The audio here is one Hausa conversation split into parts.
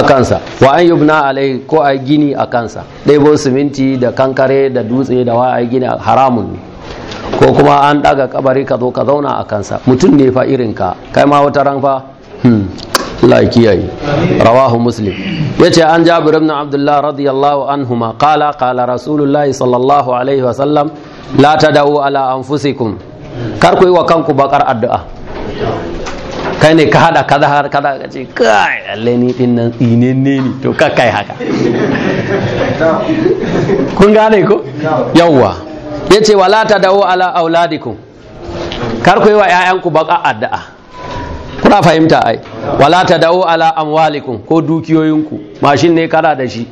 a kansa wa an yubna alai ko a gini a kansa ɗebo siminti da kankare da dutse da wa a gini haramun ne ko kuma an ɗaga kabari ka zo ka zauna a kansa mutum ne fa irin ka kai ma wata ran fa hmm, Allah kiyaye rawahu muslim yace an jabir ibn abdullah radiyallahu anhuma qala qala rasulullahi sallallahu alaihi wa sallam la tad'u ala anfusikum kar ku yi wa kanku bakar addu'a kai ne ka hada kaza har kaza ka ce kai lalle ni din nan inenne ne to ka kai haka kun gane ko yawwa yace wala dawo ala auladikum kar ku yi wa ku baka addu'a kuna fahimta ai wala ta dawo ala amwalikum ko dukiyoyinku mashin ne kana da shi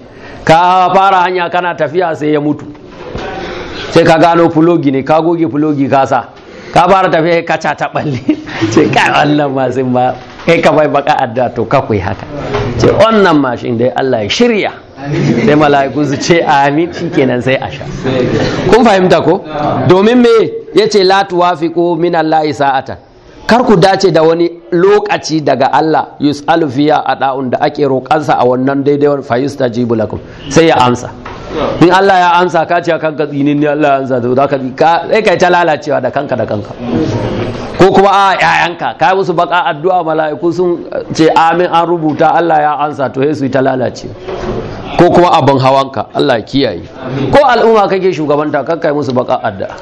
ka fara hanya kana tafiya sai ya mutu sai ka gano fulogi ne ka goge fulogi ka sa ka fara tafiya kaca ta balle ce kai wannan mashin ba kai ka bai baka adda to kakwai haka ce wannan mashin dai Allah ya shirya sai mala'iku su ce amin shikenan sai a sha kun fahimta ko domin me yace la tuwafiqu min Allah sa'ata kar ku dace da wani lokaci daga Allah yus'alu fiya a da'un da ake roƙansa a wannan daidai fa yustajibu lakum sai ya amsa in Allah ya amsa ka ce kanka tsinin ne Allah ya amsa da ka sai kai ta lalacewa da kanka da kanka ko kuma a yayanka kai musu baka addu'a mala'iku sun ce amin an rubuta Allah ya amsa to sai su ta lalace ko kuma abin hawanka Allah kiyaye ko al'umma kake shugabanta kanka musu baka addu'a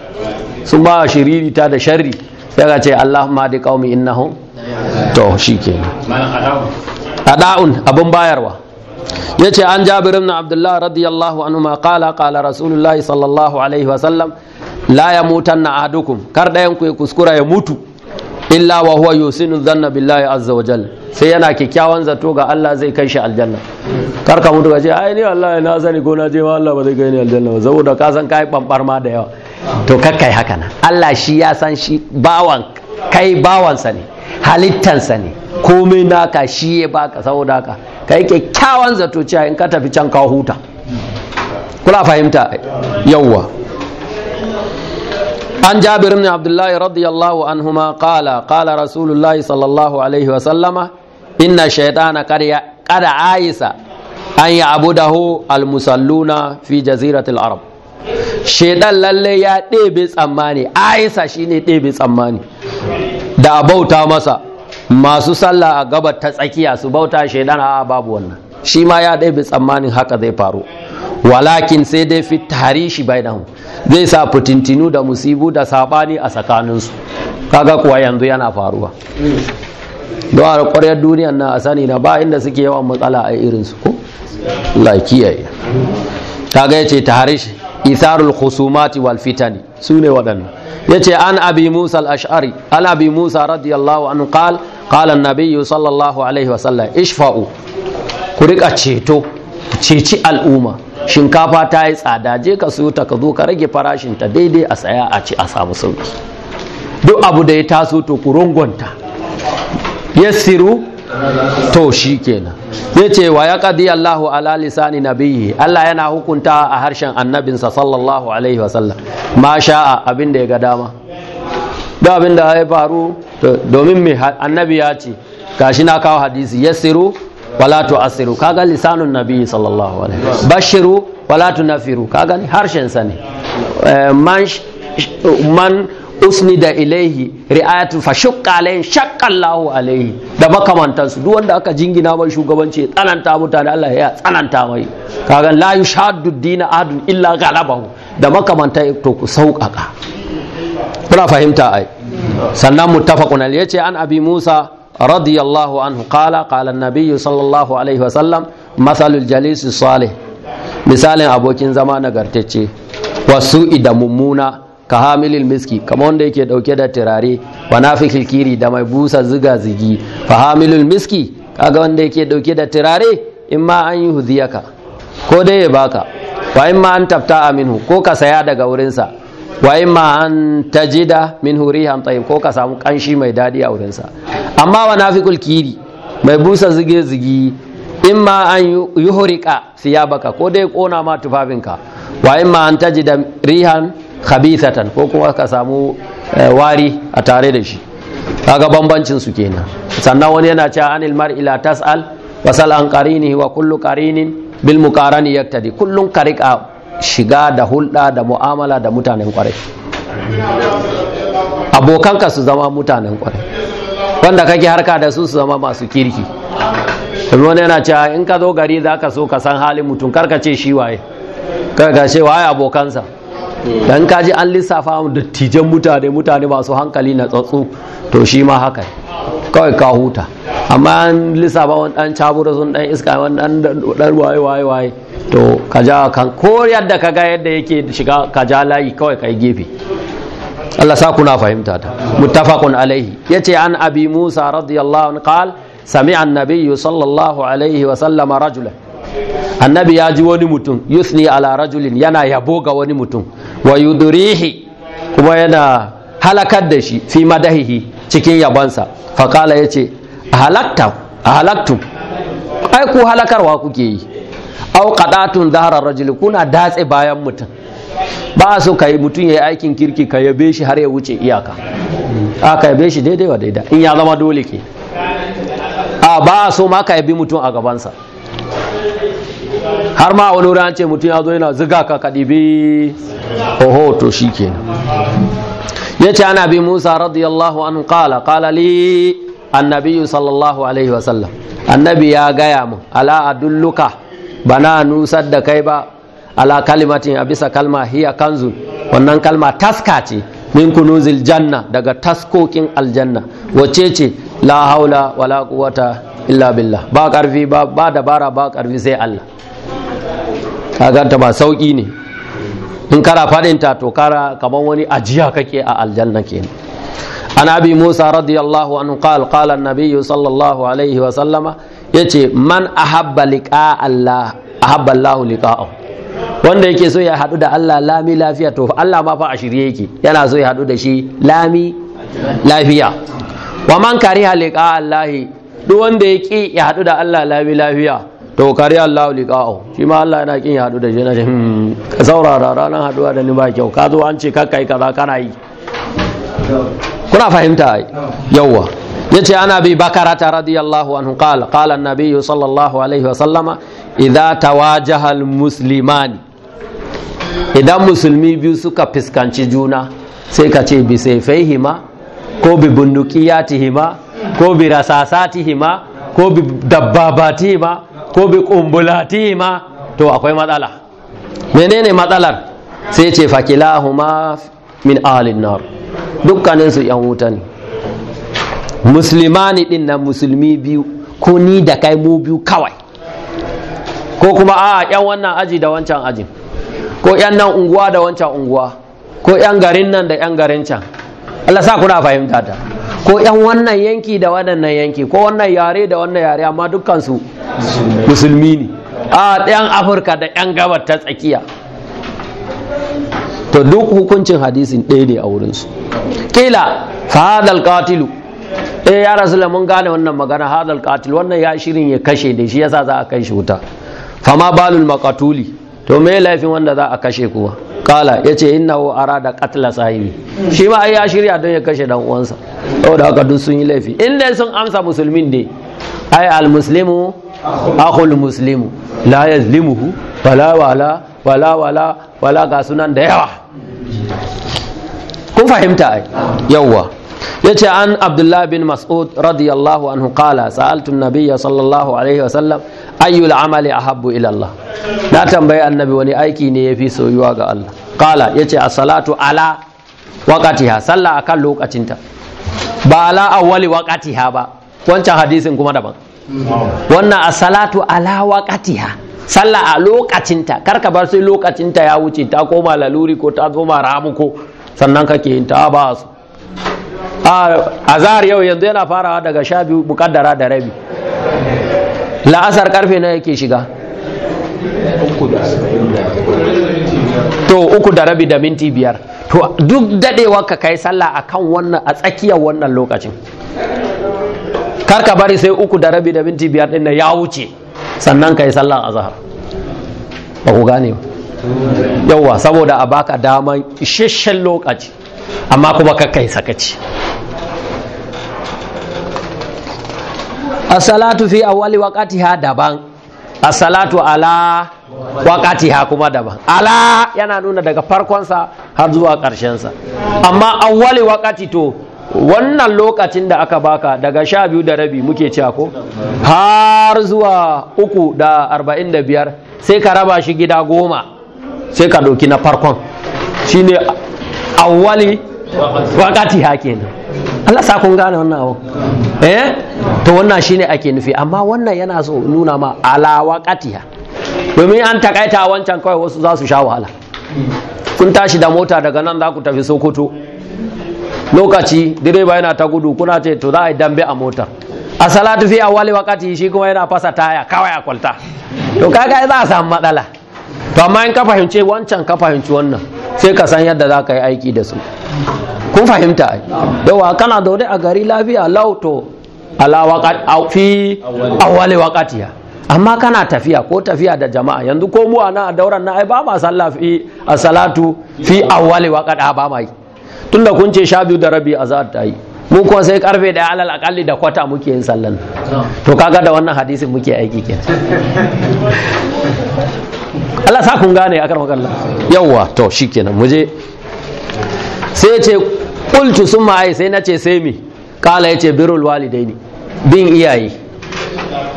sun ba shiriri ta da shari. sai ka ce Allahumma di qaumi innahum to shikenan ada'un abin bayarwa yace an jabir ibn abdullah radiyallahu anhu ma qala qala rasulullahi sallallahu alaihi wa sallam la yamutanna ahadukum kar dayan ku ya kuskura ya mutu illa wa huwa yusinu dhanna billahi azza wa Jalla. sai yana kikkiawan zato ga Allah zai kai shi aljanna kar ka mutu kace ai ni wallahi na sani ko na je ma Allah ba zai kai ni aljanna ba saboda ka san kai bambar ma da yawa to kakkai haka nan Allah shi ya san shi bawan kai bawansa ne halittansa ne komai naka shi ya baka saboda haka ka yi kyakkyawan zato cewa in ka tafi can kawo huta kula fahimta yawwa. an jabirin ne abdullahi radiyallahu an huma kala kala rasulullahi sallallahu alaihi wasallama inna shaitana kada aisa an yi abu da ho almusalluna fi jaziratul arab Shaidan lalle ya ɗebe tsammani aisa shine ɗebe tsammani da bauta masa masu sallah a gabar ta tsakiya su bauta shaidan a babu wannan shi ma ya ɗaibi tsammanin haka zai faru walakin sai dai fi bai bainahu zai sa fitintinu da musibu da sabani a tsakaninsu kaga kuwa yanzu yana faruwa don a ƙwaryar duniyan na a sani na ba inda suke yawan matsala a irinsu ko lakiyaye kaga ya ce shi isarul khusumati wal fitani su ne waɗannan ya an abi musa al-ash'ari an abi musa radiyallahu anhu qala qala nabiyyu sallallahu alaihi sallam ishfa'u ku rika ceto ceci al'umma shinkafa ta yi tsada je ka siyo ta ka zo ka rage farashinta daidai a saya a ci a samu sauki duk abu da ya taso to ku rungunta yassiru to shi kenan ya ce wa ya ƙadi Allahu ala lisani nabiyyi Allah yana hukunta a harshen annabinsa sallallahu alaihi wasallam ma sha'a abin da ya ga dama duk abin da ya faru domin mai annabi ya ce gashi na kawo hadisi yassiru wala asiru kaga lisanun nabi sallallahu alaihi bashiru wala nafiru kaga harshen sa ne eh, man man da ilaihi ri'ayatu fa shaqqa alaihi shaqqa alaihi da makamantansu duk wanda aka jingina mai shugabanci tsananta mutane Allah ya tsananta mai kaga layu yushaddu dina din ahadun illa galabahu da makamanta to ku sauƙaƙa kuna fahimta ai sannan muttafaqun al yace an abi musa radiyallahu anhu qala qala an sallallahu alaihi wa sallam masalul jalis salih misalin abokin zama nagartacce wasu da mummuna ka hamilil miski kamar wanda yake dauke da turare wa nafikil kiri da mai busa ziga zigi fa hamilul miski kaga wanda yake dauke da turare in ma an yi hudiyaka. ko dai ya baka wa in ma an tafta aminu ko ka saya daga wurinsa wa imma an tajida min hurihan tayyib ko ka samu kanshi mai dadi a wurinsa amma wa nafiqul kiri mai busa zige zigi imma an yuhriqa siyabaka ko dai kona ma tufafinka wa imma an tajida rihan khabithatan ko kuma ka samu eh, wari a tare da shi kaga bambancin su kenan sannan wani yana cewa anil mar ila tas'al wasal an qarini wa kullu qarinin bil muqarani yaktadi kullun kariqa shiga da hulɗa da mu'amala da mutanen kwarai abokanka su zama mutanen kwarai wanda kake harka da su su zama masu kirki wani yana cewa in ka zo gari za ka so ka san halin mutum karka ce shi waye karka ce waye abokansa dan ji an lissafa dattijan mutane mutane masu hankali na tsatsu to shi ma haka kawai ka huta amma an lissafa wani dan cabura sun dan iska wani dan waye waye waye to ka ja kan ko yadda ka ga yadda yake shiga ka ja layi kawai kai gefe Allah sa kuna fahimta ta muttafaqun alaihi yace an abi Musa radiyallahu anhu qal sami'a an sallallahu alaihi wa sallama rajulan annabi ya wani mutum yusni ala rajulin yana yabo wani mutum wa yudrihi kuma yana halakar dashi shi fi madahihi cikin yabansa faqala yace halakta halaktum ai ku halakarwa kuke yi au qadatun zahara rajul kuna datse bayan mutum ba so ka yi mutum ya yi aikin kirki ka yabe shi har ya wuce iyaka a ka yabe shi daidai wa daidai in ya zama dole ke a ba so ma ka yabi mutum a gabansa har ma wani ran an ce mutum ya zo yana ziga ka ka bi. oho to shi kenan ya ce ana bi musa radiyallahu anhu kala kala li annabi sallallahu alaihi wasallam annabi ya gaya mu ala adulluka Bana na nusar da kai ba ala kalimatin a bisa kalma hiya kanzu wannan kalma taska ce min kunuzil janna daga taskokin aljanna wace ce la haula wala quwata illa billah ba karfi ba ba dabara ba karfi sai Allah ganta ba sauki ne in kara ta to kara kamar wani ajiya kake a aljanna kenan an abi musa radiyallahu anhu qala qala an-nabiy sallallahu alaihi wa sallama yace man ahabba liƙa Allah ahabba Allah liqa'ahu wanda yake so ya haɗu da Allah lami lafiya to Allah ma fa a shirye yake yana so ya haɗu da shi lami lafiya wa man kariha liƙa Allah duk wanda ya ƙi ya haɗu da Allah lami lafiya to kariha Allah liqa'ahu shi ma Allah yana kin ya haɗu da shi na hmm, ka saurara ranar haɗuwa da ni ba kyau ka zo an ce kakkai kaza kana yi kuna fahimta yawa yace ana bi bakarata radiyallahu anhu qala qala an sallallahu alaihi wa sallama idza tawajaha al musulmani idan musulmi biyu suka fiskanci juna sai ka ce bi sayfaihima ko bi bundukiyatihima ko bi rasasatihima ko bi dabbabatihima ko bi kumbulatihima to akwai matsala menene matsalar sai ce fakilahuma min alin nar dukkaninsu yan wuta ne musulmani din na musulmi biyu ko ni da kai mu biyu kawai ko kuma a yan wannan aji da wancan aji ko yan nan unguwa da wancan unguwa ko yan garin nan da yan garin can Allah sa kuna fahimta ta ko yan wannan yanki da waɗannan yanki ko wannan yare da wannan yare amma dukkansu musulmi ne a yan afirka da yan gabar ta tsakiya to duk hukuncin hadisin ɗaya ne a wurinsu kila fa hadal qatilu eh ya rasulullah mun gane wannan magana hadal katil wannan ya shirin ya kashe da shi yasa za a kai shi wuta fama balul maqatuli to me laifin wanda za a kashe kuwa kala yace innahu arada qatla sahibi shi ma ai ya shirya don ya kashe dan uwansa saboda haka duk sun yi laifi in dai sun amsa musulmin dai ai al muslimu akhul muslimu la yazlimuhu wala wala wala wala wala ga sunan da yawa kun fahimta ai yawwa yace an abdullahi bin mas'ud radiyallahu anhu qala sa'altu an sallallahu alaihi wa sallam ayyul amali ahabbu ila Allah na tambayi annabi wani aiki ne yafi soyuwa ga Allah qala yace as-salatu ala waqatiha salla akan lokacinta ba ala awwali waqatiha ba wancan hadisin kuma daban wannan a salatu ala waqatiha salla a lokacinta kar ka bar sai lokacinta ya wuce ta koma laluri ko ta koma ko. sannan kake yin ta ba su a zahar yau yanzu yana farawa daga sha biyu bukadara da rabi la'asar karfe na yake shiga to uku da rabi da minti biyar to duk dadewa ka kai sallah a kan wannan a tsakiyar wannan lokacin kar ka bari sai uku da rabi da minti biyar din ya wuce sannan ka yi a zahar. ba ku gane ba yauwa saboda a baka damar isasshen lokaci amma kuma kakai sakaci as-salatu fi awwali ha daban as-salatu ala ha kuma daban ala yana nuna daga farkonsa har zuwa ƙarshensa amma awwali waqati to wannan lokacin da aka baka daga sha biyu da rabi muke cewa ko har zuwa uku da arba'in da biyar sai ka raba shi gida goma sai ka ɗauki na farkon shine awwali waqatiha kenan Allah sa kun gane wannan abu eh to wannan shine ake nufi amma wannan yana so nuna ma ala wakati ha, domin an takaita wancan kawai wasu za su sha wahala kun tashi da mota daga nan za ku tafi Sokoto lokaci direba yana ta gudu kuna ce to za a yi dambe a mota, a salatu fi awwali wakati shi kuma yana fasa taya kawai a kwalta to kaga za a samu matsala to amma in ka fahimce wancan ka fahimci wannan sai ka san yadda za ka yi aiki da su kun fahimta yawa kana zaune a gari lafiya lauto ala fi awwali waqatiya amma kana tafiya ko tafiya da jama'a yanzu ko mu ana a dauran na ai ba ma sallah fi salatu fi awwali waqata ba ma yi tunda kun ce sha biyu da rabi za ta yi mu kuma sai karfe daya alal akalli da kwata muke yin sallan to kaga da wannan hadisin muke aiki ke Allah sa kun gane akar makalla yawwa to shikenan muje. Sai ya ce qultu sun ai sai ce sai mi kala yace birrul walidaini bin iyaye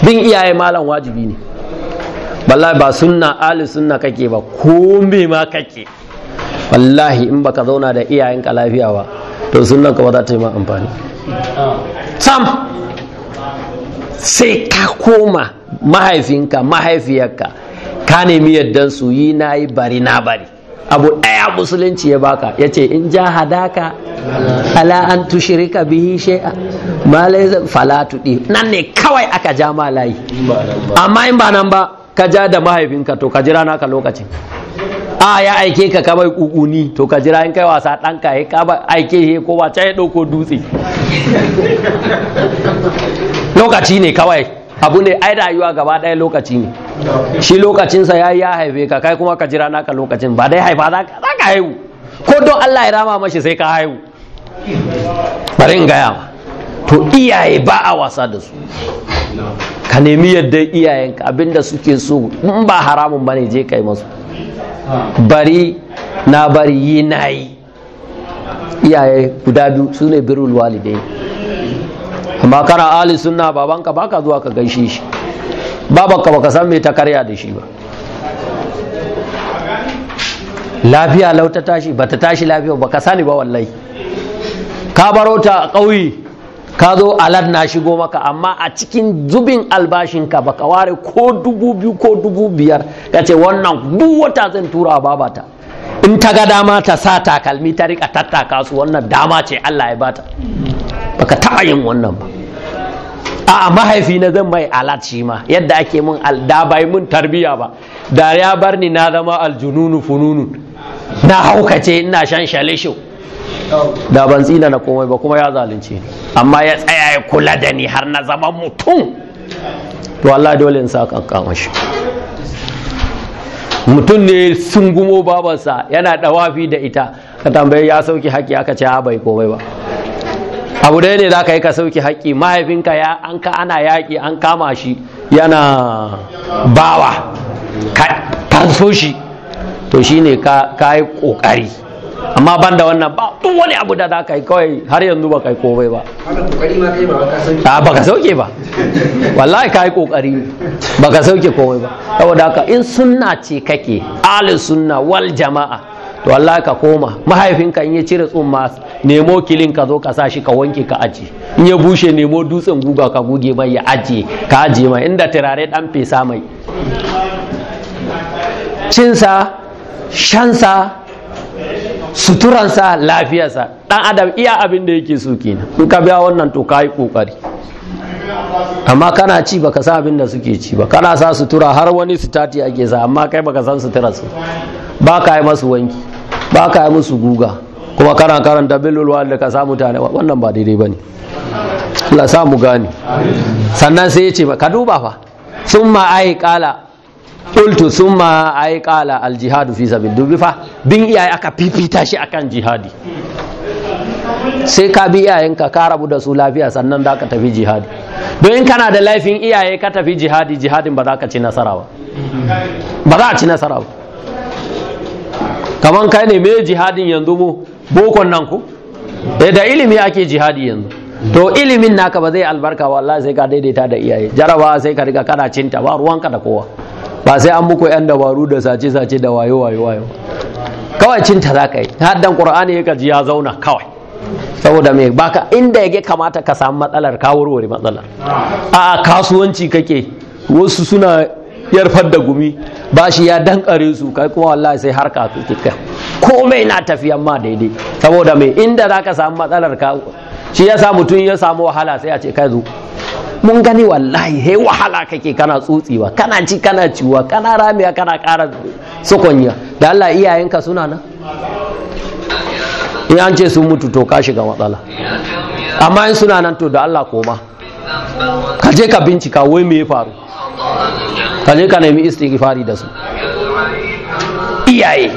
bin iyaye malam wajibi ne wallahi ba sunna ali sunna kake ba ko me ma kake wallahi in baka zauna da iyayenka lafiya ba to sunan kama za ta yi ma amfani sam sai ka koma mahaifinka mahaifiyarka ka nemi yaddan su yi na yi bari na bari abu ɗaya musulunci ya baka ya ce in ja hadaka ala an tushirika bihi shay'a malai zan fala tudi nan ne kawai aka ja ma amma in ba nan ba ka ja da mahaifinka to ka jira naka lokacin a ya aike ka kama bai kukuni to ka jira in kai wasa ɗanka ya kama aike he ko wace ya ɗauko dutse lokaci ne kawai abu ne ai rayuwa gaba ɗaya lokaci ne shi lokacinsa ya yi ya haife ka kai kuma ka jira naka lokacin ba dai haifa za ka haihu ko don Allah ya rama mashi sai ka haihu bari in gaya ma to iyaye ba a wasa da su ka nemi yadda iyayenka abinda suke so in ba haramun ba ne je kai masu bari na bari yi na yi iyaye guda biyu su ne birul walidai amma kana ali sunna babanka baka zuwa ka gaishe shi babanka baka san me ta karya da shi ba lafiya lau tashi ba ta tashi lafiya ba ka sani ba wallai ka baro ta a ƙauye ka zo alat na shigo maka amma a cikin zubin albashinka baka ware ko dubu biyu ko dubu biyar ka ce wannan duk wata zan tura a babata in ta ga dama ta sa takalmi ta rika tattaka su wannan dama ce Allah ya bata baka taɓa yin wannan ba a mahaifi na zan mai alat shi ma yadda ake mun da mun tarbiya ba da ya bar ni na zama aljununu fununu na haukace ina shan shalishu da ban tsina na komai ba kuma ya zalunce amma ya tsaya ya kula da ni har na zama mutum to Allah dole in sa kankan shi. mutum ne sun gumo babansa yana dawafi da ita ka tambaye ya sauki haƙƙi aka ce ha bai komai ba abu dai ne za ka yi ka sauki haƙƙi mahaifinka ya an ka ana yaƙi an kama shi yana bawa ka fanso shi to shine ka yi ƙoƙari amma ban da wannan ba duk wani abu da za ka yi kawai har yanzu ba ka yi komai ba ba ba ka sauke ba wallahi ka yi kokari ba ka sauke komai ba saboda haka in sunna ce kake alin sunna wal jama'a to wallahi ka koma mahaifinka in ya cire tsumma nemo kilin ka zo ka sa shi ka wanke ka aji in ya bushe nemo dutsen guga ka guge mai ya ajiye ka ajiye mai inda turare dan fesa mai cinsa shansa suturansa lafiyarsa dan adam iya abin da yake so kenan in ka biya wannan to kai kokari amma kana ci baka sa abin da suke ci ba kana sa sutura har wani sitati ake sa amma kai baka san sutura su ba ka yi masu wanki ba ka yi musu guga kuma kana karanta bilul da ka sa mutane wannan ba daidai ba ne Allah sa mu gane sannan sai ya ce ka duba fa summa ai kala qultu summa ay qala al jihadu fi sabil dubi fa bin iyaye aka fifita shi akan jihadi sai ka bi iyayenka ka rabu da su lafiya sannan za ka tafi jihadi don in kana da laifin iyaye ka tafi jihadi jihadin ba za ka ci nasara ba ba za a ci nasara ba kaman kai ne me jihadin yanzu mu bokon nan ku eh, da ilimi ake jihadi yanzu to ilimin naka ba zai albarka wallahi sai ka daidaita da iyaye jarabawa sai ka riga kana cinta ba ruwanka da kowa ba sai an muku yan dabaru da sace-sace da wayo-wayo kawai cinta za ka yi haddan ƙur'ani ya gaji ya zauna kawai saboda mai baka inda yake kamata ka samu matsalar ka warware matsalar a kasuwanci kake wasu suna yarfar da gumi ba shi ya dankare su kai kuma wallahi sai harka kika komai na tafiya ma daidai saboda mai inda za ka samu matsalar ka shi ya sa mutum ya samu wahala sai a ce kai zo mun gani wallahi he wahala kake kana tsutsewa kana ci kana ciwa kana ramiya kana ƙara sukunya da Allah iyayenka suna nan in an ce sun mutu to ka shiga matsala amma in suna nan to da Allah koma ka je ka bincika wai me ya faru ka je ka nemi istighfari da su iyaye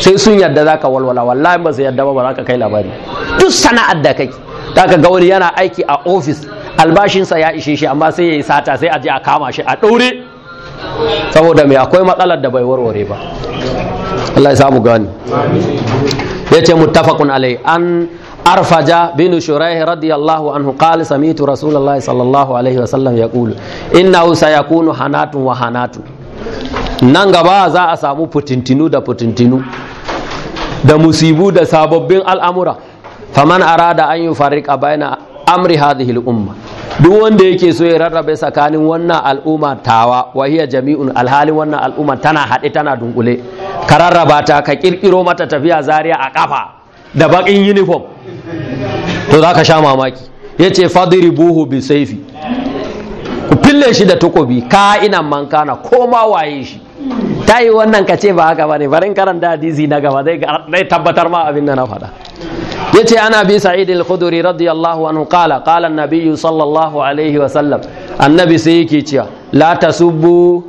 sai sun yadda za ka walwala wallahi ba su yadda ba ba za ka kai labari duk sana'ar da kake za ka ga wani yana aiki a ofis albashinsa ya ishe shi amma sai ya yi sata sai a je a kama shi a ɗaure saboda mai akwai matsalar da bai warware ba Allah ya samu gani ya ce muttafaqun alai an arfaja bin shuraih radiyallahu anhu qala samitu rasulullahi sallallahu alaihi wa sallam yaqulu innahu sayakunu hanatun wa hanatu nan gaba za a samu fitintinu da fitintinu da musibu da sababbin al'amura faman arada an yi farika baina amri hadhihi al-umma duk wanda yake so ya rarrabe tsakanin wannan al'umma tawa hiya jami'un alhalin wannan al'umma tana haɗe tana dunkule ka rarraba ta ka kirkiro mata tafiya zaria a kafa da bakin uniform to za ka sha mamaki ya ce buhu bi saifi ku fille shi da takobi ina mankana ko ma waye shi ta yi wannan ka ce ba haka ba ne barin karanta hadisi na gaba zai tabbatar ma abin da na faɗa yace ana bi sa'id al-khudri radiyallahu anhu qala qala an-nabiy sallallahu alaihi wa sallam annabi sai yake cewa la tasubbu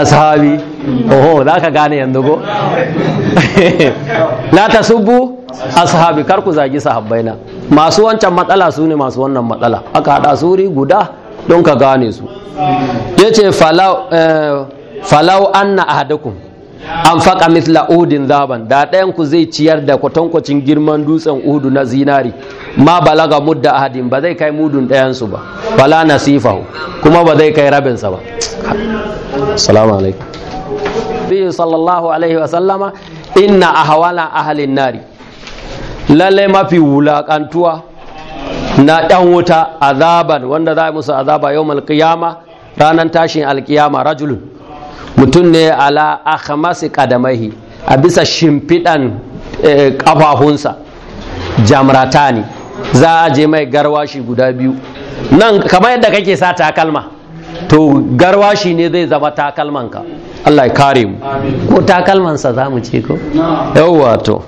ashabi oho zaka gane yanzu go la tasubbu ashabi kar ku zagi sahabbaina masu wancan matsala su ne masu wannan matsala aka hada suri guda don ka gane su yace falau eh, falau anna ahadakum an faka misla udin zaban da ɗayan ku zai ciyar da kwatankwacin girman dutsen udu na zinari ma balaga mudda ahadin ba zai kai mudun ɗayansu ba bala nasifahu kuma ba zai kai rabinsa ba assalamu alaikum sallallahu alaihi wa sallama inna ahwala ahalin nari lalle mafi wulakantuwa na ɗan wuta azaban wanda za a musu azaba yau malkiyama ranar tashin alkiyama rajulun mutum ne ala akhamasi kadamaihi a bisa shimfiɗan eh, ƙafafunsa jamratani za a je mai garwashi guda biyu nan kamar yadda kake sa takalma to garwashi ne zai zama takalmanka Allah ya kare mu ko takalmansa za mu ce ko yawwa to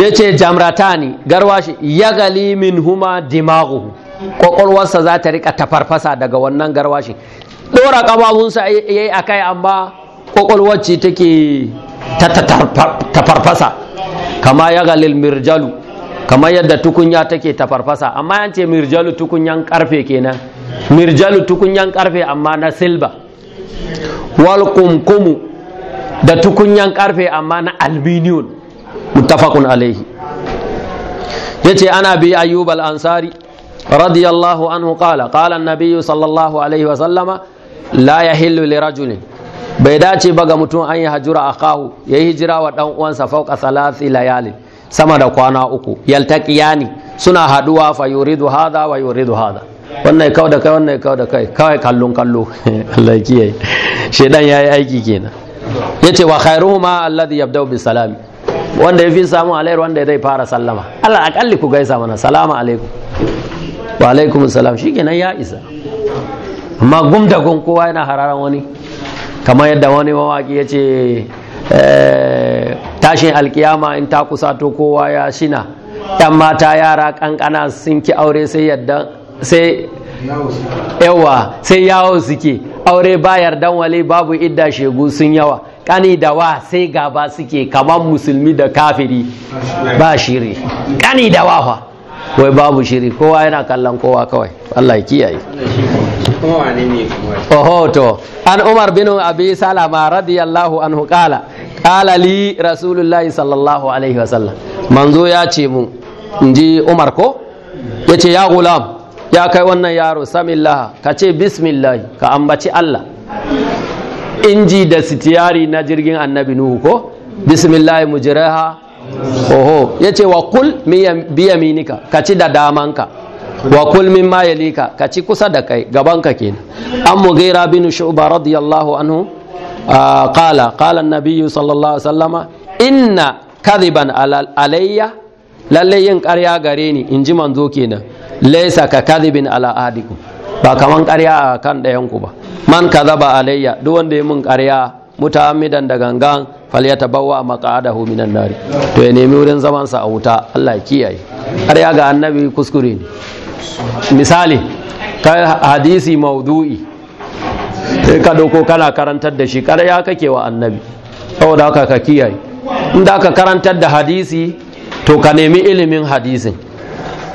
ya ce jamratani garwashi ya gali min huma dimagu kwakwalwarsa za ta rika tafarfasa daga wannan garwashi ɗora ƙababunsa ya yi a kai amma ƙwaƙwalwar ce take ta farfasa kama ya galil mirjalu kama yadda tukunya take ta farfasa amma yance mirjalu tukunyan ƙarfe kenan mirjalu tukunyan ƙarfe amma na silba wal kumkumu da tukunyan karfe amma na alminiyon mutafakun alaihi ce ana bi ayyubal ansari radiyallahu anhu kala kala an sallallahu alaihi wa la yahillu li rajulin bai dace ba ga mutum an yi hajura akahu yayi hijira wa dan uwansa fauka salasi layalin sama da kwana uku yaltaqiyani suna haduwa fa yuridu hada wa yuridu hada. wannan kawai da kai wannan kawai da kai kawai kallon kallo Allah ya kiyaye shedan yayi aiki kenan yace wa khairuhuma alladhi yabda'u bi salami wanda ya fi samu alaihi wanda zai fara sallama Allah akalli ku gaisa mana salamu alaikum wa alaikum salam shikenan ya isa magum da kowa yana hararan wani kamar yadda wani mawaki ya ce eh, tashin alkiyama in ta kusa to kowa ya shina yan mata yara kankana sun ki aure sai yadda sai yawa sai yawo suke aure ba yardan wale babu idda shegu sun yawa kani da wa sai gaba suke kamar musulmi da kafiri ba shiri kani da wa wai babu shiri kowa yana kallon kowa kawai Allah ya kiyaye ohoto an umar bin abi salama radiyallahu anhu kala kala li rasulullahi sallallahu alaihi wasallam manzo ya ce mu inji umar ko Ya ce ya gulam ya kai wannan yaro samillah ka ce bismillah ka ambaci Allah inji da sitiyari na jirgin annabi nuhu ko bismillah mujraha oho ce wa kul biyaminika ka ci da damanka wa kul ma yalika ka ci kusa da kai gaban ka kenan an mughira bin shu'ba radiyallahu anhu qala qala an-nabiy sallallahu alaihi wasallama inna kadiban alayya lalle yin ƙarya gare ni in ji manzo kenan laysa ka kadibin ala adikum ba kaman ƙarya a kan ɗayanku ba man kadaba alayya duk wanda ya mun ƙarya mutamidan da gangan falyatabawwa maqadahu minan nar to ya nemi wurin zaman sa a wuta Allah ya kiyaye ƙarya ga annabi kuskure ne misali ka hadisi maudu'i sai ka doko kana karantar da shi ya kake wa annabi saboda haka ka kiyaye in da ka karantar da hadisi to ka nemi ilimin hadisin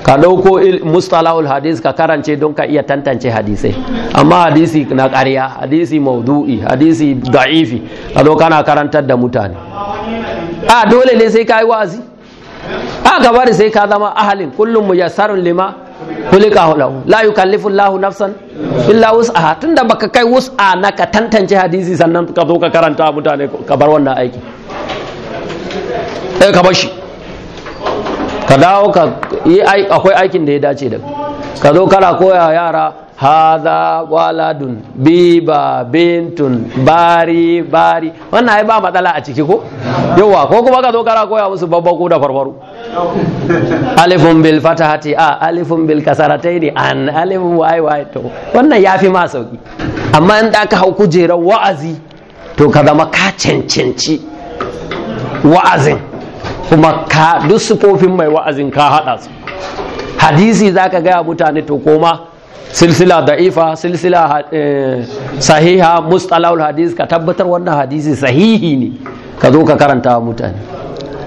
ka ɗauko mustalahul hadis ka karance don ka iya tantance hadisai amma hadisi na ƙarya hadisi maudu'i hadisi da'ifi ka kana karantar da mutane a dole ne sai ka yi wa'azi a gaba da sai ka zama ahalin kullum muyassarun lima kulika hulahu la yukallifu Allahu nafsan illa wus'aha tunda baka kai wus'a na ka tantance hadisi sannan ka zo ka karanta mutane ka bar wannan aiki eh ka bar shi ka dawo ka yi akwai aikin da ya dace da ka zo kana koya yara haza waladun biba bintun bari bari wannan ai ba matsala a ciki ko yawa ko kuma ka zo kana koya musu babba ko da farfaru alifun bil fatahati a alifun bil ne an alifun wai wai to wannan yafi ma sauki amma in da ka hau kujerar wa'azi to ka zama ka cancanci wa'azin kuma ka duk sufofin mai wa'azin ka hada su hadisi za ka gaya mutane to koma silsila da'ifa silsila eh, sahiha mustalahul hadis ka tabbatar wannan hadisi sahihi ne ka zo ka karanta mutane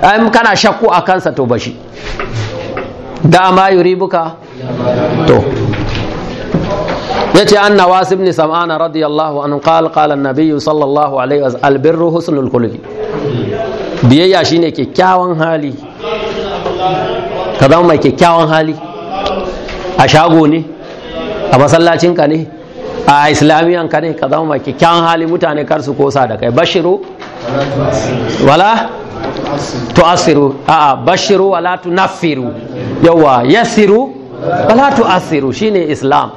in kana shakku a kansa to bashi da ma buka to yace anna nawas ibn sam'ana radiyallahu anhu qala qala an nabi sallallahu alaihi wasallam al-birru husnul khuluqi biyayya shine kyakkyawan hali ka zama mai kyakkyawan hali a shago ne a masallacin ka ne a ka ne ka zama mai kyakkyawan hali mutane kar su kosa da kai bashiru wala asiru? a'a bashiru wala nafiru yawa yasiru wala asiru shine islam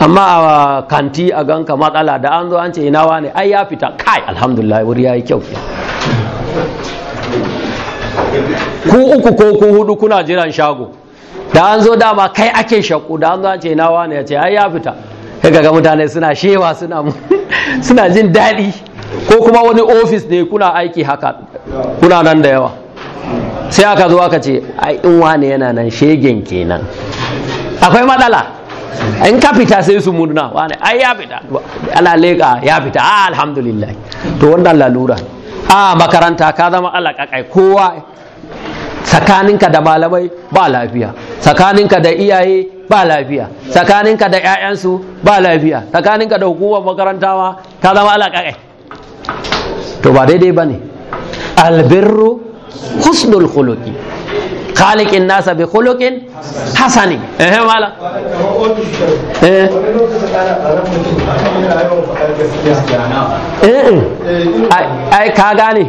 amma a kanti a ganka matsala da an zo an ce ina ne ai ya fita kai alhamdulillah wuri yayi kyau ku uku ko ku hudu kuna jiran shago da an zo dama kai ake shakku da an zo an ce ina ne ya ce ai ya fita kaga ga mutane suna shewa suna jin daɗi ko kuma wani ofis ne kuna aiki haka kuna nan da yawa sai aka zo aka ce ai in wane yana nan shegen kenan akwai matsala in ka fita sai su murna wane ai ya fita alaleka ya fita a ah, alhamdulillah to wannan lalura a makaranta ka zama alaƙaƙai kowa tsakaninka da malamai ba lafiya tsakaninka da iyaye ba lafiya tsakaninka da 'ya'yansu ba lafiya tsakaninka da hukumar makaranta ma ka zama alaƙaƙai to ba daidai ba ne albirru husnul khuluqi khaliqin nasa bi khuluqin hasani eh mala eh ai ka gane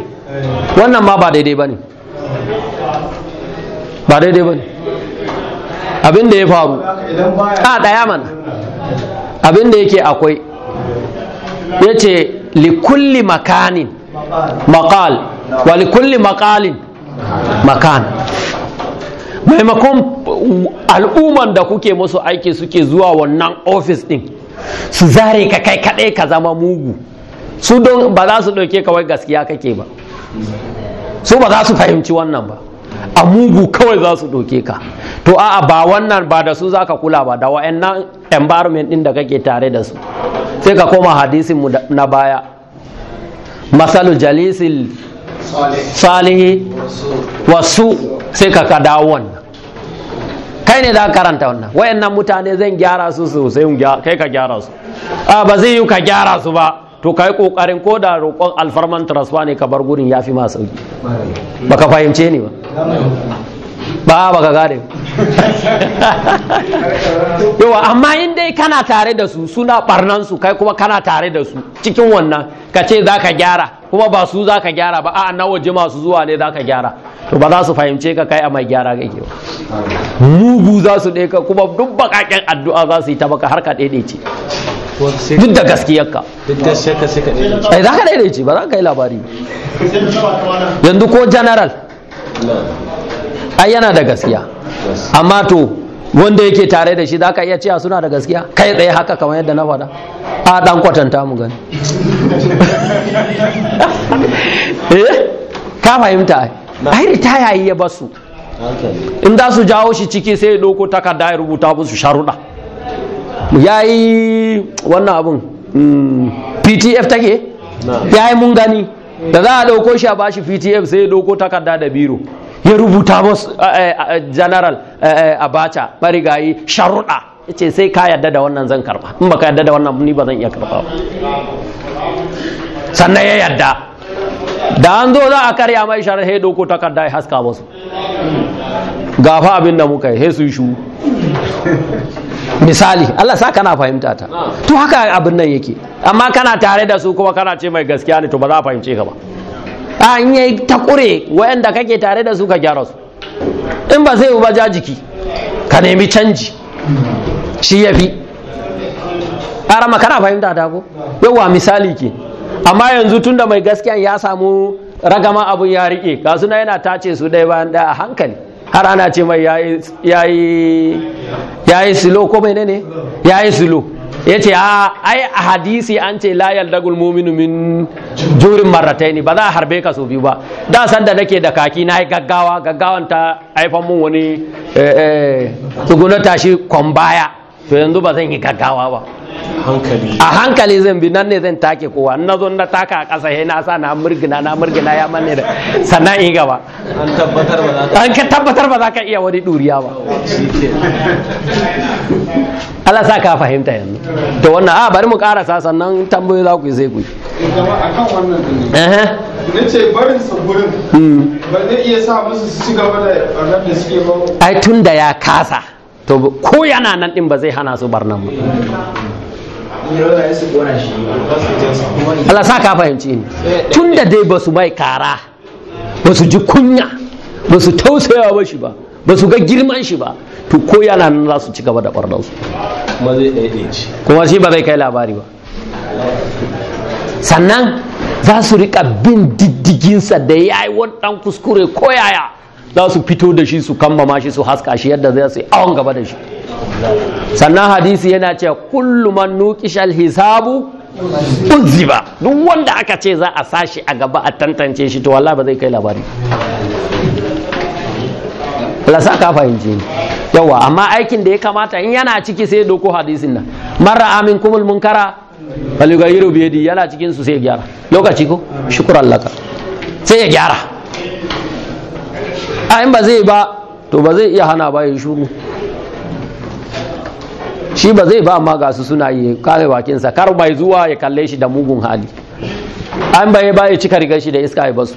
wannan ma ba daidai bane ba daidai bane abin da ya faru a daya mana abin da yake akwai Ya ce likulli makanin maqal wali kulli makalin makan maimakon al'umman da kuke musu aiki suke zuwa wannan ofis din su zare ka kai kadai ka zama mugu su don ba za su ɗauke kawai gaskiya kake ba su ba za su fahimci wannan ba a mugu kawai za su ɗauke ka to a'a ba wannan ba da su za ka kula ba da wa'annan environment ɗin da kake tare da su sai ka koma hadisin mu na baya masalu jalisil salihi wasu sai ka ka dawo wannan kai ne za ka karanta wannan wayannan mutane zan gyara su sosai kai ka gyara su a ba zai yi ka gyara su ba to kai kokarin ko da roƙon alfarman transfer ne ka bar gurin ya fi ma sauki baka fahimce ni ba ba ba ka gane yawa amma in dai kana tare da su suna barnan su kai kuma kana tare da su cikin wannan ka ce za ka gyara kuma ba su za ka gyara ba a'a na waje masu zuwa ne za ka gyara to ba za su fahimce ka kai a mai gyara kake ba mugu za su ɗaya kuma duk bakaken addu'a za su yi ta baka har ka ce. duk da gaskiyarka duk da ka ɗaiɗaice eh, za ka ba za ka yi labari yanzu ko general ai yana da gaskiya amma to wanda yake tare da shi za ka iya cewa suna da gaskiya kai tsaye haka kamar yadda na faɗa a ɗan kwatanta mu gani eh? ka fahimta ai ritaya yi ya basu in za su jawo shi ciki sai ya ɗauko takarda ya rubuta musu sharuɗa ya yi wannan abun mm, ptf take ya yi mun gani da za a ɗauko shi a bashi ptf sai ya ɗauko takarda da biro ya rubuta bos eh, eh, eh, general abacha barigayi sharuɗa ya sai ka yarda da wannan zan karba in ka yarda da wannan ni ba zan iya karba ba sannan ya yarda da an zo za a karya mai sharar haido ko takarda ya haska musu gafa abin da muka yi hesu shu misali Allah sa kana fahimta ta to haka abin nan yake amma kana tare da su kuma kana ce mai gaskiya ne to ba za a fahimce ka ba a in yi ta kure wayanda kake tare da su ka gyara su in ba zai ba jajiki ka nemi canji shi ya fi ƙara kana fahimta ta ko yawa misali ke amma yanzu tunda mai gaskiya ya samu ragama abun ya rike ga suna yana tace su ɗaya bayan ɗaya a hankali har ana ce mai ya yi silo ko mai ne ne yayi silo ya ce ah, ai a hadisi an ce la yaldagul muminu min jurin ne ba za a harbe ka sau biyu ba da sanda nake da kaki na yi gaggawa gaggawan ta haifan mun wani eh, eh, tsugunan tashi kwambaya to yanzu ba zan yi gaggawa ba a hankali zan bi nan ne zan take kowa na zo na taka a ƙasa ya na sa na murgina na murgina ya manne da sannan in gaba an ka tabbatar ba za ka iya wani duriya ba Allah sa ka fahimta yanzu to wannan a bari mu karasa sannan tambayi za ku yi sai ku yi akan barin hmm. ba zai iya sa musu su ci gaba da da suke ba ai tun da ya kasa to ko yana nan din ba zai hana su barnan ba Allah sa ka fahimci ni tun da dai ba su mai kara ba su ji kunya ba su tausaya ba shi ba ba su ga girman shi ba to ko yana nan za su ci gaba da barnan su kuma shi ba zai kai labari ba sannan za su riƙa bin diddiginsa da ya yi kuskure koyaya. za su fito da shi su kammama shi su haska shi yadda zai su awon gaba da shi sannan hadisi yana ce kullu man nuqishal hisabu uziba duk wanda aka ce za a sashi a gaba a tantance shi to wallahi ba zai kai labari Allah sa ka fahimci yawa amma aikin da ya kamata in yana ciki sai doko hadisin nan mara amin kumul munkara falyughayyiru bi yana cikin su sai gyara lokaci ko shukran ka. sai ya gyara a in ba zai ba to ba zai iya hana ba ya shuru shi ba zai ba amma ga su suna yi kare bakinsa kar mai zuwa ya kalle shi da mugun hali an baye ba ya cika rigar shi da iska ya basu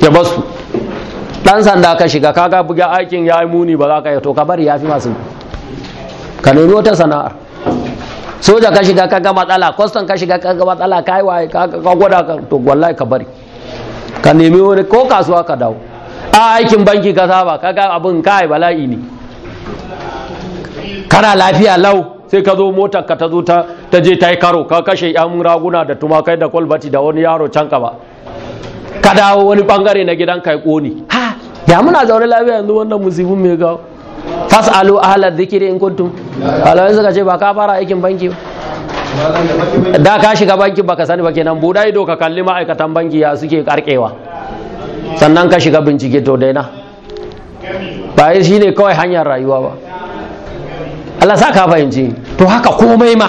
ya basu dan sanda ka shiga kaga buga aikin ya yi muni ba za ka yi to ka bari ya fi masu ka nemi wata sana'ar soja ka shiga kaga matsala kwastan ka shiga kaga matsala kai waye ka gwada ka to wallahi ka bari ka nemi wani ko kasuwa ka dawo a aikin banki ka saba ga abin kai bala'i ne kana lafiya lau sai ka zo motar ka ta zo ta je ta yi karo ka kashe yan raguna da tumakai da kwalbati da wani yaro can ka ba ka dawo wani bangare na gidan kai koni ha ya muna zaune lafiya yanzu wannan musibin mai gawo fas'alu ahla dhikri in kuntum alawai suka ce ba ka fara aikin banki ba da ka shiga bankin baka sani ba kenan buɗa ido ka kalli ma'aikatan banki ya suke karkewa sannan ka shiga bincike to daina ba yi ne kawai hanyar rayuwa ba Allah sa ka fahimci to haka komai ma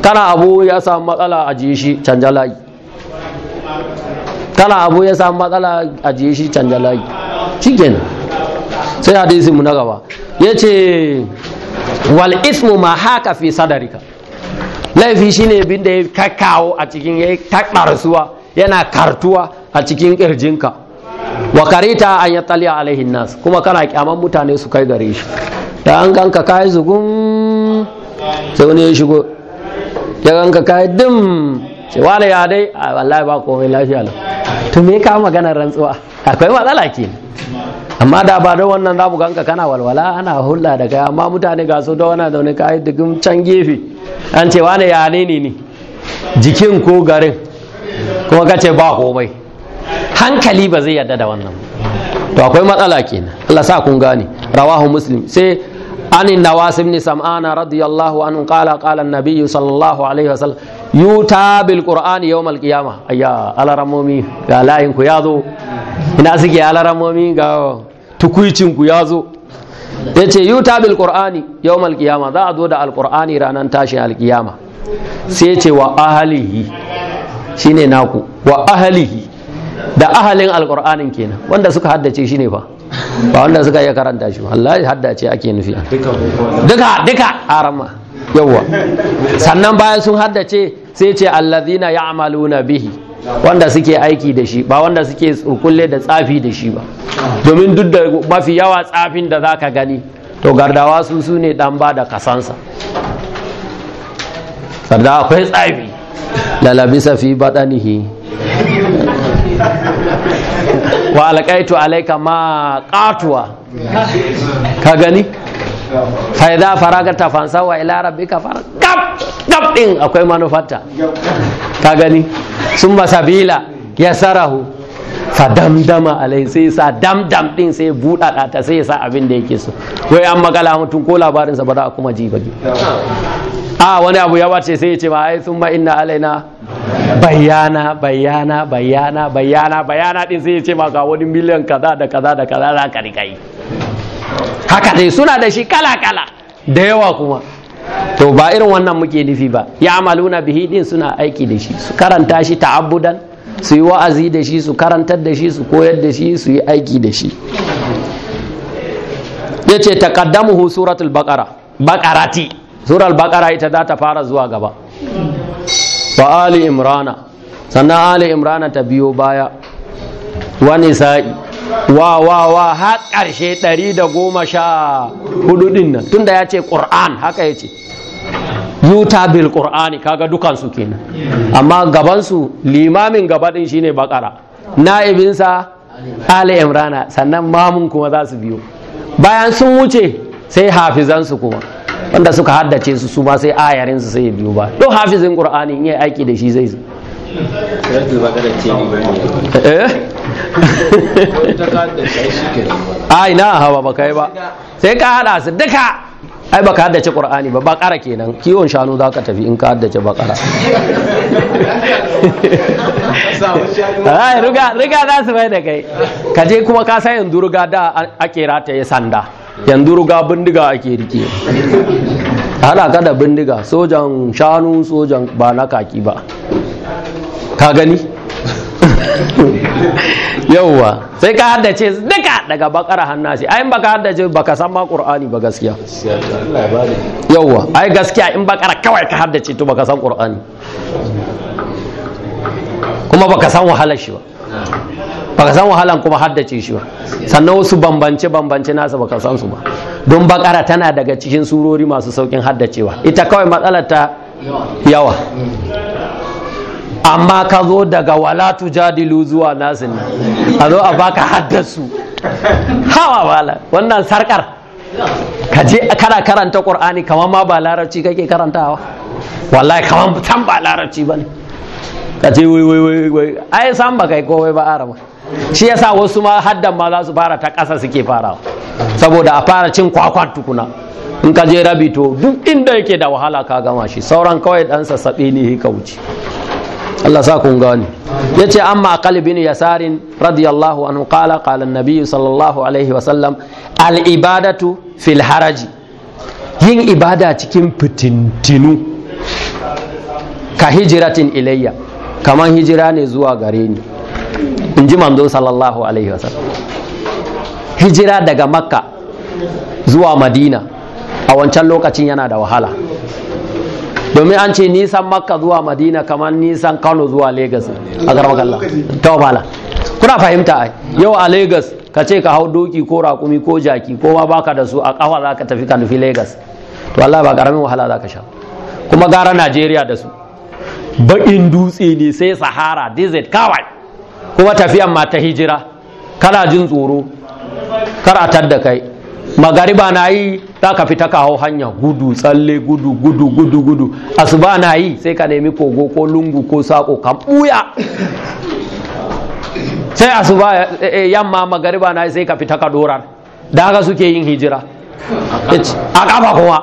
kana abu ya samu matsala a jiye shi canja layi kana abu ya samu matsala a jiye shi canja layi kenan sai hadisi mu na gaba ya ce. wal ismu ma haka fi sadarika laifi shine bin da ya kawo a cikin ya taɓarsuwa yana kartuwa a cikin ƙirjinka wa karita an ya taliya alaihin nas kuma kana kyaman mutane su kai gare shi da an ganka kai zugun sai wani ya shigo ya ganka kai dim ce wala ya dai wallahi ba komai lafiya lau to me ka magana rantsuwa akwai matsala ke amma da ba da wannan za mu ganka kana walwala ana hulla da kai amma mutane ga su da wani da wani kayi duk can gefe an ce wani ya ne ne jikin ko garin kuma ka ce ba komai hankali ba zai yarda da wannan to akwai matsala kenan Allah sa kun gane rawahu muslim sai عن النواس بن سمعان رضي الله عنه قال قال النبي صلى الله عليه وسلم يوتى بالقرآن يوم القيامة أيا على رمومي قال لا إنكو ياذو إن أسكي على رمومي قال tukuicinku ya zo ya ce yi bil bilkur'ani yau qiyama za a zo da alkur'ani ranar tashin alkiyama sai ce wa ahalihi shi ne naku wa ahalihi? da ahalin alkur'anin kenan wanda suka haddace shi ne fa ba wanda suka iya karanta shi wallahi haddace ake nufi duka duka arama yawwa sannan bayan sun haddace sai ce allazina ya'maluna bihi wanda suke aiki da shi ba wanda suke tsurkulle da tsafi da shi ba domin duk da mafi yawa tsafin da za ka gani to gardawa su su ne dan ba da kasansa sarda akwai tsafi labisa fi baɗanihi wa alƙaitu alaika ma ƙatuwa ka gani fa faraga ta fansa wa ila rabbika farag gab gab din akwai manufarta ka gani sun masabila ya sarahu fa damdama alai sai sa damdam din sai buɗaɗa ta sai sa abin da yake so wai an makala mutum ko labarinsa ba za a kuma ji ba a wani abu ya wace sai ya ce ma ai sun ma inna alaina Bayyana, bayyana, bayyana, bayyana, bayana din sai ya ce ma ga wani miliyan kaza da kaza da kaza za ka rikai haka dai suna da shi kala kala da yawa kuma to ba irin wannan muke nufi ba ya amaluna bihi din suna aiki da shi su karanta shi ta'abudan su yi wa'azi da shi su karantar da shi su koyar da shi su yi aiki da shi Ya yace taqaddamuhu suratul baqara baqarati suratul baqara ita za ta fara zuwa gaba Ba ali imrana sannan ali imrana ta biyo baya wa nisa'i wa wa wa har ƙarshe ɗari da goma sha hudu nan tunda yace ce ƙur'an haka ya ce yuta bil ƙur'ani kaga dukansu kenan amma gabansu limamin gaba ɗin shine bakara na'ibinsa ali imrana sannan mamun kuma za su biyo bayan sun wuce sai hafizansu kuma wanda suka haddace su su ma sai ayarinsu sai ya biyo ba to hafizin ƙur'ani in yi aiki da shi zai zo ai ah, na hawa ba kai ba sai ka hada su duka ai baka haddace qur'ani ba bakara kenan kiwon shanu za ka tafi in ka haddace bakara ai ruga ruga za su bai da kai ka je kuma ka san yanzu riga da ake ya sanda yanzu riga bindiga ake rike hada ka da bindiga sojan shanu sojan ba na kaki ba ka gani yauwa sai ka haddace duka daga bakara hannasi ayin baka haddace baka san ma qur'ani ba gaskiya yauwa ai gaskiya in bakara kawai ka haddace to baka san qur'ani kuma baka san wahalar shi ba baka san wahalan kuma haddace shi ba sannan wasu bambance bambance nasa baka san su ba don bakara tana daga cikin surori masu saukin haddacewa ita kawai matsalar ta yawa amma ka zo daga walatu jadilu zuwa nasin nan a zo a baka haddasu hawa bala wannan sarkar ka je kana karanta qur'ani kamar ma ba larabci kake karantawa wallahi kamar tan ba larabci bane ka je wai wai wai wai ai san ba kai kowai ba araba shi yasa wasu ma haddan ma za su fara ta ƙasa suke farawa saboda a fara cin kwakwan tukuna in ka je rabito to duk inda yake da wahala ka gama shi sauran kawai dan sassabe ne ka wuce Allah sa kun gani yace amma qalbin yasarin radiyallahu anhu qala qala an-nabi sallallahu alaihi wa sallam al-ibadatu fil haraji yin ibada cikin fitintinu ka hijratin ilayya kaman hijira ne zuwa gare ni in ji manzo sallallahu alaihi wa sallam hijira daga makka zuwa madina a wancan lokacin yana da wahala domin an ce nisan makka zuwa madina kamar nisan kano zuwa legas a kalla ta wabala kuna fahimta ai yau a legas ka ce ka hau doki ko raƙumi ko jaki ko ma baka da su a ƙafa za ka tafi ka nufi lagos to allah ba ƙaramin wahala za ka sha kuma gara najeriya da su baƙin dutse ne sai sahara desert kawai kuma tafiyan ma ta hijira kana jin tsoro kar a tadda kai magariba na yi za ka fita ka hau hanya gudu tsalle gudu gudu gudu gudu asuba na yi sai ka nemi kogo ko lungu ko sako ka buya sai asuba eh, eh, yamma magariba na yi sai ka fita ka dora da haka suke yin hijira a kafa kuma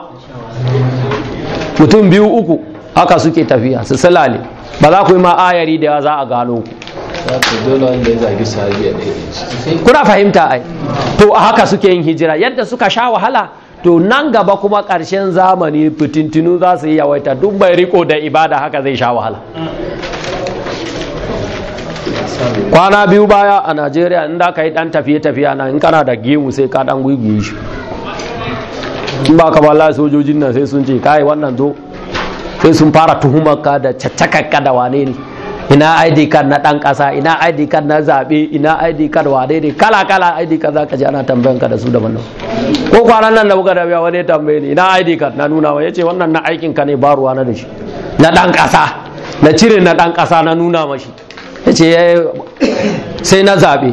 mutum biyu uku haka suke tafiya su silale ba za ku yi ma ayari da za a gano ku kuna fahimta ai to a haka suke yin hijira yadda suka sha wahala to nan gaba kuma karshen zamani fitintinu za su yi yawaita duk bai riko da ibada haka zai sha wahala kwana biyu baya a najeriya in da ka yi dan tafiye-tafiye na in kana da gemu sai ka dan gwigwiyi shi in ba ka bala sojojin nan sai sun ce kai wannan zo sai sun fara tuhumar ka da caccakar ka da wane ne ina id card na dan kasa ina id card na zabe ina id card wa daidai kala kala id card zaka ji ana tambayan ka da su daban ko kwanan nan da buga da biya wani tambaye ni ina id card na nuna wa yace wannan na aikin ka ne ba ruwa na da shi na dan kasa na cire na dan kasa na nuna mashi yace eh, sai na zabe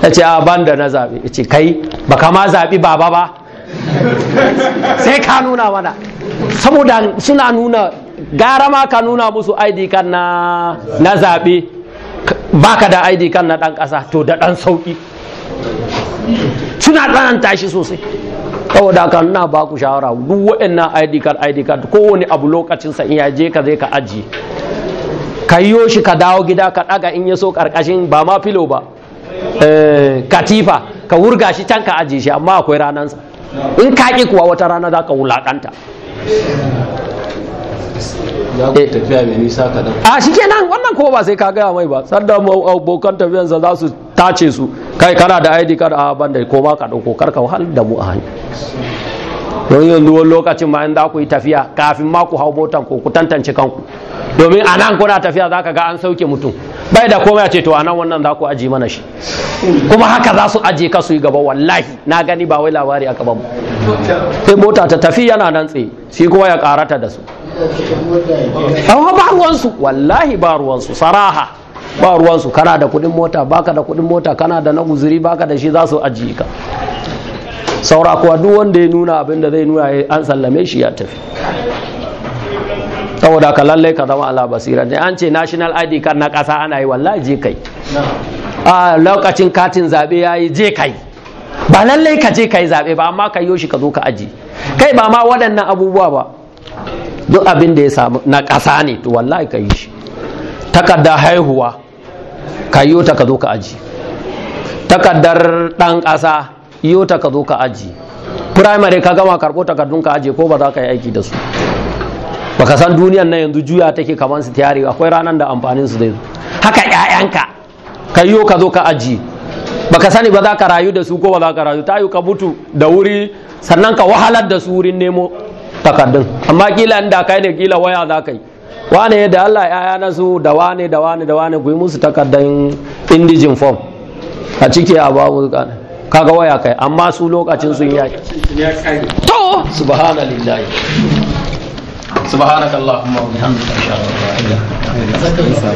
yace a banda na zabe yace kai baka ma zabi baba ba sai ka nuna mana saboda suna nuna gara ma ka nuna musu ID kan na na zabe baka da ID kan na ɗan kasa to da ɗan sauki suna tsananta tashi sosai saboda haka ina ba ku shawara duk waɗannan ID kan ID kan kowane abu lokacin sa in ya je ka zai ka ajiye kayyo shi ka dawo gida ka ɗaga in ya so karkashin ba ma filo ba eh, katifa ka wurga shi can ka aji shi amma akwai ranansa in ka kuwa wata rana za ka wulakanta Eh. a shi kenan wannan kuma ba sai ka gaya mai ba sanda abokan tafiyansa za su tace su kai kana da id card a ban da koma ka ɗauko karka wahal da mu a hanya don yanzu wani lokacin ma yanzu za ku yi tafiya kafin ma ku hau motan ku ku tantance kanku domin a nan kuna tafiya za ka ga an sauke mutum bai da komai a ce to a nan wannan za ku aji mana shi kuma haka za su aje ka su yi gaba wallahi na gani ba wai labari a gaban mu sai mota ta tafi yana nan tsaye shi kuma ya karata da amma ba ruwansu wallahi ba ruwansu saraha ba ruwansu kana da kudin mota baka da kudin mota kana da na guzuri baka da shi za su ajiye ka saura kuwa duk wanda ya nuna abin da zai nuna eh, an sallame shi ya tafi saboda ka lallai ka zama ala basira ne an ce national id card na kasa ana yi wallahi je kai a lokacin katin zabe yayi je kai ba lallai ka je kai zabe ba amma ka yi shi ka zo ka aji kai ba ma waɗannan abubuwa ba duk abin da ya samu na ƙasa ne to wallahi ka yi shi takardar haihuwa ka yi ta ka zo ka aji takardar ɗan ƙasa yi ta ka zo ka aji firamare ka gama karɓo takardun ka aji ko ba za ka yi aiki da su baka san duniyan na yanzu juya take kamar su tiyari akwai ranar da amfanin su zai zo haka ƴaƴanka ka yi ka zo ka aji baka sani ba za ka rayu da su ko ba za ka rayu ta yi ka mutu da wuri sannan ka wahalar da su wurin nemo takardun amma kila inda kai ne kila waya za ka yi wane da Allah ya na su da wane da wane da wane ku yi musu takardun indijin form a ciki a babu kaga waya kai amma su lokacin sun yaki to subhanallahi subhanakallahumma wa bihamdika